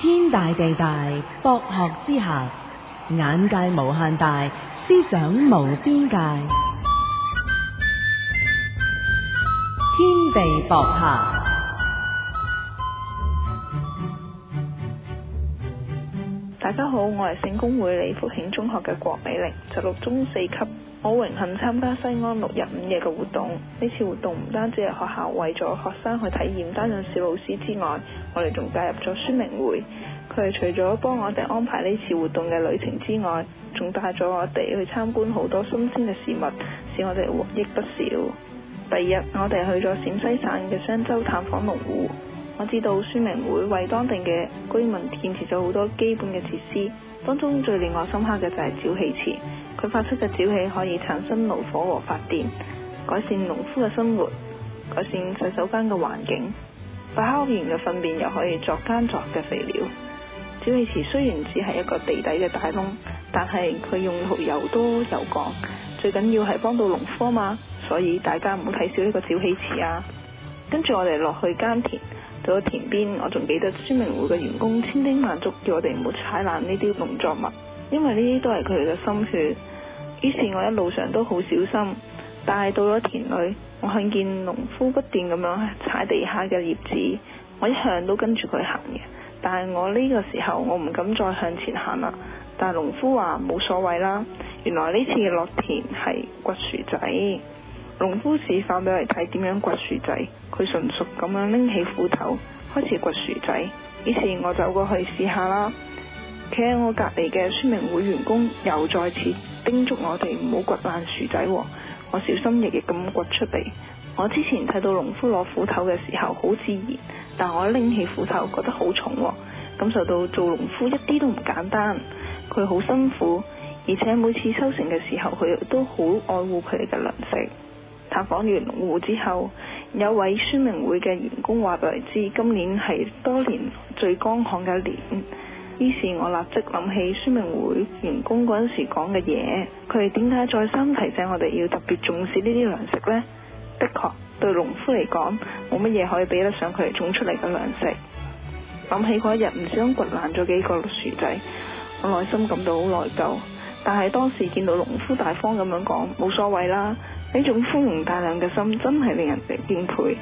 天大地大，博學之下，眼界無限大，思想無邊界。天地博客，大家好，我係聖公會李福慶中學嘅郭美玲，就讀中四級。我榮幸參加西安六日五夜嘅活動，呢次活動唔單止係學校為咗學生去體驗，擔任小老師之外，我哋仲加入咗宣明會。佢哋除咗幫我哋安排呢次活動嘅旅程之外，仲帶咗我哋去參觀好多新鮮嘅事物，使我哋獲益不少。第二日我哋去咗陝西省嘅商州探訪農戶。我知道宣明會為當地嘅居民建設咗好多基本嘅設施。當中最令我深刻嘅就係沼氣池，佢發出嘅沼氣可以產生爐火和發電，改善農夫嘅生活，改善洗手間嘅環境，發酵完嘅糞便又可以作耕作嘅肥料。沼氣池雖然只係一個地底嘅大窿，但係佢用途又多又廣，最緊要係幫到農夫嘛，所以大家唔好睇少呢個沼氣池啊！跟住我哋落去耕田。到咗田邊，我仲記得宣明會嘅員工千叮萬囑叫我哋唔好踩爛呢啲農作物，因為呢啲都係佢哋嘅心血。於是我一路上都好小心，但係到咗田裏，我看見農夫不斷咁樣踩地下嘅葉子，我一向都跟住佢行嘅，但係我呢個時候我唔敢再向前行啦。但係農夫話冇所謂啦，原來呢次嘅落田係掘薯仔。農夫示範俾我哋睇點樣掘薯仔，佢純熟咁樣拎起斧頭開始掘薯仔。於是，我走過去試下啦。企喺我隔離嘅宣明會員工又再次叮囑我哋唔好掘爛薯仔。我小心翼翼咁掘出嚟。我之前睇到農夫攞斧頭嘅時候好自然，但我拎起斧頭覺得好重，感受到做農夫一啲都唔簡單。佢好辛苦，而且每次收成嘅時候，佢都好愛護佢哋嘅糧食。探訪完農戶之後，有位宣明會嘅員工話俾我知，今年係多年最乾旱嘅一年。於是，我立即諗起宣明會員工嗰陣時講嘅嘢，佢哋點解再三提醒我哋要特別重視呢啲糧食呢？的確，對農夫嚟講，冇乜嘢可以比得上佢哋種出嚟嘅糧食。諗起嗰一日，唔小心掘爛咗幾個薯仔，我內心感到好內疚。但係當時見到農夫大方咁樣講，冇所謂啦。呢種寬容大量嘅心，真係令人哋敬佩。